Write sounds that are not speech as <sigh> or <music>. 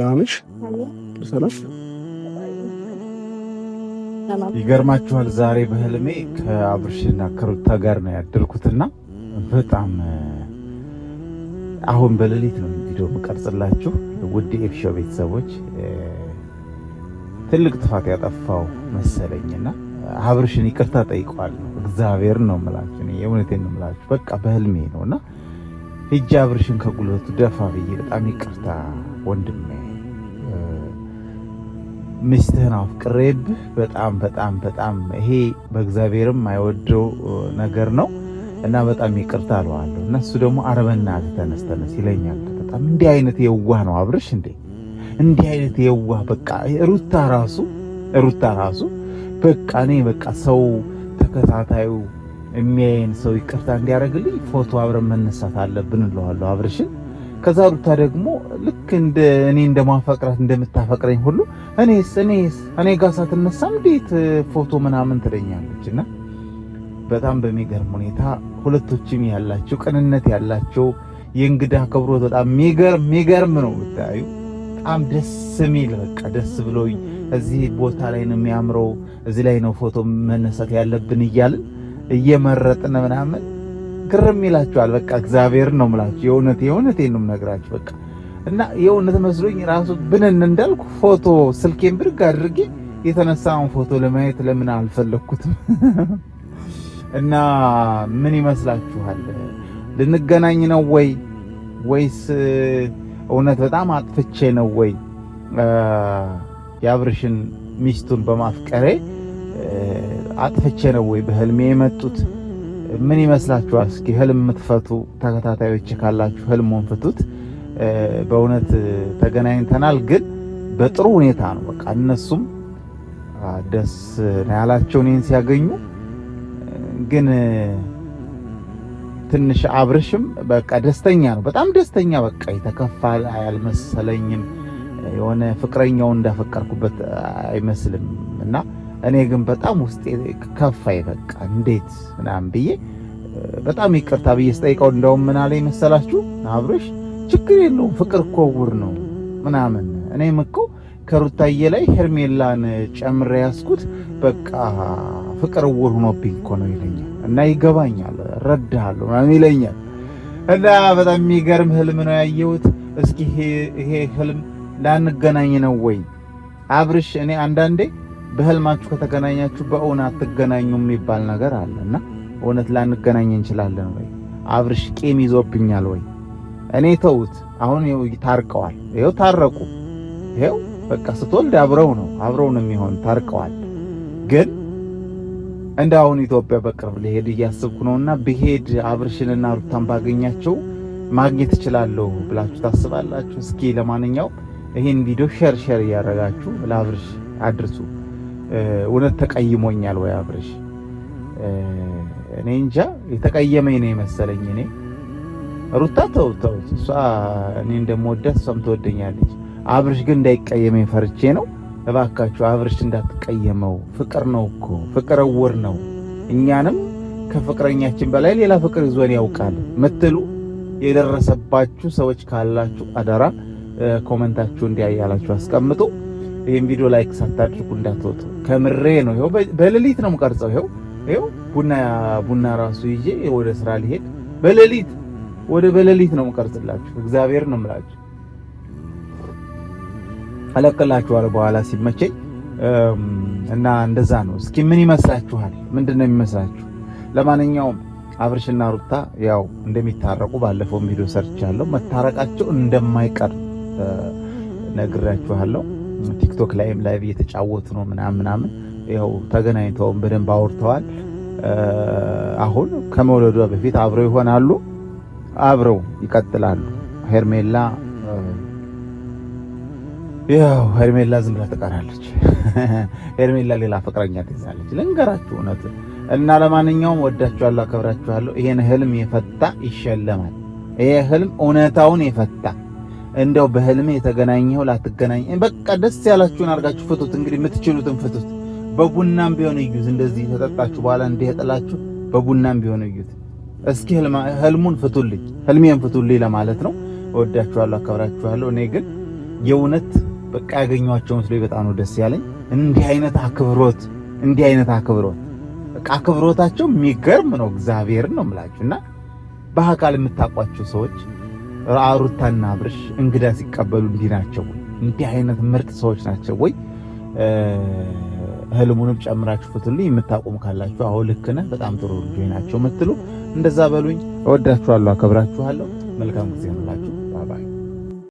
ለማመሽ ሰላም ይገርማችኋል። ዛሬ በህልሜ ከአብርሽና ከሩታ ጋር ነው ያደርኩትና በጣም አሁን በሌሊት ነው ቪዲዮ የምቀርጽላችሁ። ውድ ኤፍሾ ቤተሰቦች ትልቅ ጥፋት ያጠፋው መሰለኝና አብርሽን ይቅርታ ጠይቀዋለሁ። እግዚአብሔር ነው የምላችሁ፣ የእውነቴ ነው ምላችሁ። በቃ በህልሜ ነውና ሂጅ አብርሽን ከጉልበቱ ደፋ ብዬ በጣም ይቅርታ ወንድሜ ሚስትህን አፍቅሬብህ በጣም በጣም በጣም ይሄ በእግዚአብሔርም የማይወደው ነገር ነው እና በጣም ይቅርታ አለዋለሁ። እነሱ ደግሞ አረበና ተነስተነስ ይለኛል። በጣም እንዲህ አይነት የዋህ ነው አብርሽ፣ እንዴ እንዲህ አይነት የዋህ በቃ ሩታ ራሱ ሩታ ራሱ በቃ እኔ በቃ ሰው ተከታታዩ የሚያየን ሰው ይቅርታ እንዲያደርግልኝ ፎቶ አብረን መነሳት አለብን እለዋለሁ አብርሽን ከዛ ሩታ ደግሞ ልክ እንደ እኔ እንደማፈቅራት እንደምታፈቅረኝ ሁሉ እኔስ እኔስ እኔ ጋር ሳትነሳ እንዴት ፎቶ ምናምን ትለኛለች። እና በጣም በሚገርም ሁኔታ ሁለቶችም ያላቸው ቅንነት ያላቸው የእንግዳ አክብሮት በጣም ሚገርም ሚገርም ነው። ብታዩ በጣም ደስ የሚል በቃ ደስ ብሎኝ እዚህ ቦታ ላይ ነው የሚያምረው፣ እዚህ ላይ ነው ፎቶ መነሳት ያለብን እያልን እየመረጥን ምናምን ክርም ይላችኋል። በቃ እግዚአብሔር ነው የምላችሁ። የእውነት የእውነቴን ነው የምነግራችሁ። በቃ እና የእውነት መስሎኝ ራሱ ብንን እንዳልኩ ፎቶ ስልኬን ብድግ አድርጌ የተነሳውን ፎቶ ለማየት ለምን አልፈለግኩትም? <laughs> እና ምን ይመስላችኋል? ልንገናኝ ነው ወይ ወይስ እውነት በጣም አጥፍቼ ነው ወይ የአብርሽን ሚስቱን በማፍቀሬ አጥፍቼ ነው ወይ በህልሜ የመጡት ምን ይመስላችኋል? እስኪ ህልም የምትፈቱ ተከታታዮች ካላችሁ ህልሙን ፍቱት። በእውነት ተገናኝተናል፣ ግን በጥሩ ሁኔታ ነው። በቃ እነሱም ደስ ነው ያላቸው እኔን ሲያገኙ። ግን ትንሽ አብርሽም በቃ ደስተኛ ነው፣ በጣም ደስተኛ በቃ የተከፋ አልመሰለኝም። የሆነ ፍቅረኛውን እንዳፈቀርኩበት አይመስልም እና እኔ ግን በጣም ውስጤ ከፋይ በቃ እንዴት ምናምን ብዬ በጣም ይቅርታ ብዬ ስጠይቀው እንደውም ምን አለኝ መሰላችሁ? አብርሽ ችግር የለውም ፍቅር እኮ ውር ነው ምናምን እኔም እኮ ከሩታዬ ላይ ሄርሜላን ጨምሬ ያስኩት በቃ ፍቅር እውር ሆኖብኝ እኮ ነው ይለኛል። እና ይገባኛል፣ እረዳሃለሁ ምናምን ይለኛል። እና በጣም የሚገርም ህልም ነው ያየሁት። እስኪ ይሄ ህልም ላንገናኝ ነው ወይ አብርሽ? እኔ አንዳንዴ በህልማችሁ ከተገናኛችሁ በእውነት አትገናኙ የሚባል ነገር አለ እና እውነት ላንገናኝ እንችላለን ወይ? አብርሽ ቂም ይዞብኛል ወይ? እኔ ተውት። አሁን ታርቀዋል፣ ይኸው ታረቁ። ይኸው በቃ ስትወልድ አብረው ነው አብረው ነው የሚሆን ታርቀዋል። ግን እንደ አሁን ኢትዮጵያ በቅርብ ልሄድ እያስብኩ ነውና ብሄድ አብርሽንና ሩታን ባገኛቸው ማግኘት እችላለሁ ብላችሁ ታስባላችሁ? እስኪ ለማንኛውም ይህን ቪዲዮ ሸር ሸር እያደረጋችሁ ለአብርሽ አድርሱ። እውነት ተቀይሞኛል ወይ አብርሽ? እኔ እንጃ የተቀየመኝ ነው የመሰለኝ። እኔ ሩታ ተው ተው፣ እሷ እኔ እንደምወዳት እሷም ትወደኛለች። አብርሽ ግን እንዳይቀየመኝ ፈርቼ ነው። እባካችሁ አብርሽ እንዳትቀየመው። ፍቅር ነው እኮ ፍቅር እውር ነው። እኛንም ከፍቅረኛችን በላይ ሌላ ፍቅር ይዞን ያውቃል ምትሉ የደረሰባችሁ ሰዎች ካላችሁ አደራ ኮመንታችሁ እንዲያያላችሁ አስቀምጡ። ይህን ቪዲዮ ላይክ ሳታድርጉ እንዳትወጡ። ከምሬ ነው። ይኸው በሌሊት ነው የምቀርጸው። ይኸው ይኸው ቡና ቡና ራሱ ይዤ ወደ ስራ ሊሄድ በሌሊት ወደ በሌሊት ነው የምቀርጽላችሁ። እግዚአብሔር ነው የምላችሁ። አለቅላችኋለሁ በኋላ ሲመቸኝ እና እንደዛ ነው። እስኪ ምን ይመስላችኋል? ምንድን ነው የሚመስላችሁ? ለማንኛውም አብርሽና ሩታ ያው እንደሚታረቁ ባለፈው ቪዲዮ ሰርቻለሁ። መታረቃቸው እንደማይቀር ነግራችኋለሁ። ቲክቶክ ላይም ላይቭ እየተጫወቱ ነው ምናምን ምናምን ይኸው ተገናኝተውም በደንብ አውርተዋል። አሁን ከመውለዷ በፊት አብረው ይሆናሉ፣ አብረው ይቀጥላሉ። ሄርሜላ ያው ሄርሜላ ዝም ብላ ትቀራለች። <laughs> ሄርሜላ ሌላ ፍቅረኛ ትይዛለች። ልንገራችሁ እውነት እና ለማንኛውም ወዳችኋለሁ፣ አከብራችኋለሁ። ይሄን ህልም የፈታ ይሸለማል። ይሄ ህልም እውነታውን የፈታ እንደው በህልም የተገናኘው ላትገናኝ በቃ ደስ ያላችሁን አድርጋችሁ ፍቱት። እንግዲህ የምትችሉትን ፍቱት። በቡናም ቢሆን እዩት። እንደዚህ ተጠጣችሁ በኋላ እንዲያጠላችሁ በቡናም ቢሆን እዩት። እስኪ ህልሙን ፍቱልኝ፣ ህልሜን ፍቱልኝ ለማለት ነው። እወዳችኋለሁ፣ አከብራችኋለሁ። እኔ ግን የእውነት በቃ ያገኘኋቸው መስሎኝ በጣም ነው ደስ ያለኝ። እንዲህ አይነት አክብሮት እንዲህ አይነት አክብሮት በቃ አክብሮታቸው የሚገርም ነው። እግዚአብሔርን ነው የምላችሁ እና በአካል የምታውቋቸው ሰዎች ሩታና አብርሽ እንግዳ ሲቀበሉ እንዲህ ናቸው ወይ? እንዲህ አይነት ምርጥ ሰዎች ናቸው ወይ? ህልሙንም ጨምራችሁ ፍትልኝ። የምታቆም ካላችሁ አሁን ልክ ነህ፣ በጣም ጥሩ ልጆች ናቸው የምትሉ እንደዛ በሉኝ። እወዳችኋለሁ፣ አከብራችኋለሁ። መልካም ጊዜ ኑላችሁ።